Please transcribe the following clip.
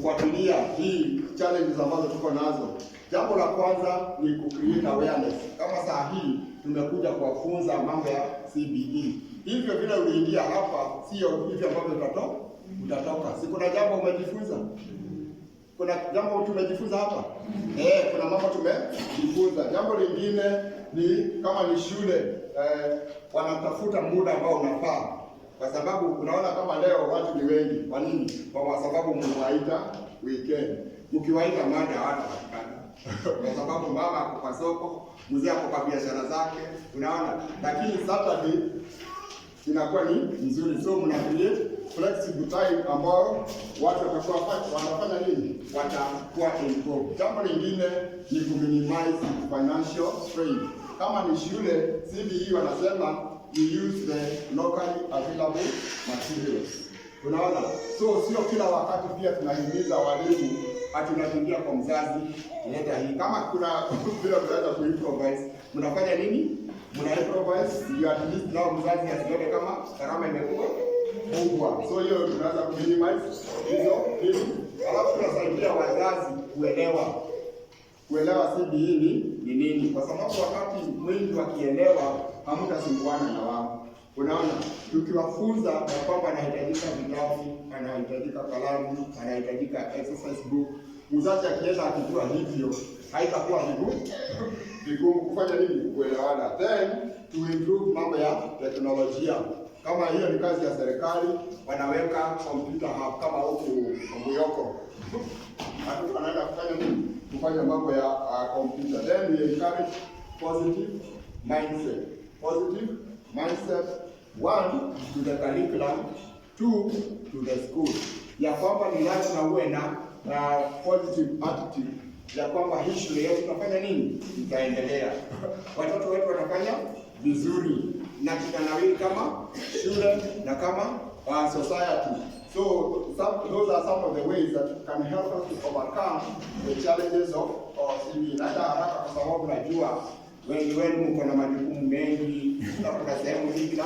kufuatilia hii challenges ambazo tuko nazo. Jambo la kwanza ni ku create awareness. Kama saa hii tumekuja kuwafunza mambo ya CBE, hivyo vile uliingia hapa sio hivyo ambavyo utatoka utatoka. Si kuna jambo umejifunza? Kuna jambo tumejifunza hapa eh, kuna mambo tumejifunza. Jambo lingine ni kama ni shule eh, wanatafuta muda ambao unafaa kwa sababu unaona kama leo watu ni wengi. Kwa nini? Kwa sababu mliwaita weekend, mkiwaita mada hawatapatikana kwa sababu mama ako kwa soko, mzee ako kwa biashara zake, unaona. Lakini Saturday inakuwa ni nzuri, so mna create flexible time ambao watu watakuwa wanafanya nini, watakuwa involved. Jambo lingine ni kuminimize financial strain. Kama ni shule, CBE wanasema we use the locally available materials. Tunaona so sio kila wakati pia tunahimiza walimu ati natungia kwa mzazi leta hii, kama kuna vile mnaweza kuimprovise, mnafanya nini? Mna improvise you at least now mzazi asione kama gharama imekuwa kubwa, so hiyo tunaweza kuminimize hizo hizo, alafu tunasaidia wazazi kuelewa kuelewa CBE ni nini, kwa sababu wakati mwingi wakielewa, hamtasumbuana na wao. Unaona, tukiwafunza ya kwamba anahitajika vitabu, anahitajika kalamu, anahitajika exercise book, mzazi akienda akijua hivyo, haitakuwa vigumu vigumu kufanya nini, kuelewana. Then to improve mambo ya teknolojia kama hiyo ni kazi ya serikali, wanaweka kompyuta hapa kama huku Mbuyoko watoto wanaenda kufanya nini kufanya mambo ya uh, computer. Then we encourage positive mindset. Positive mindset, one, to the curriculum, two, to the school. Ya kwamba ni lazima uwe na uh, positive attitude ya kwamba hii shule yetu tunafanya nini, itaendelea watoto wetu wanafanya vizuri na kitanawili kama shule na kama uh, society. So some, those are some of the ways that can help us to overcome the challenges of our CV. Nata haraka kwa sababu najua wengi wenu mko na majukumu mengi na kuna sehemu nyingi labda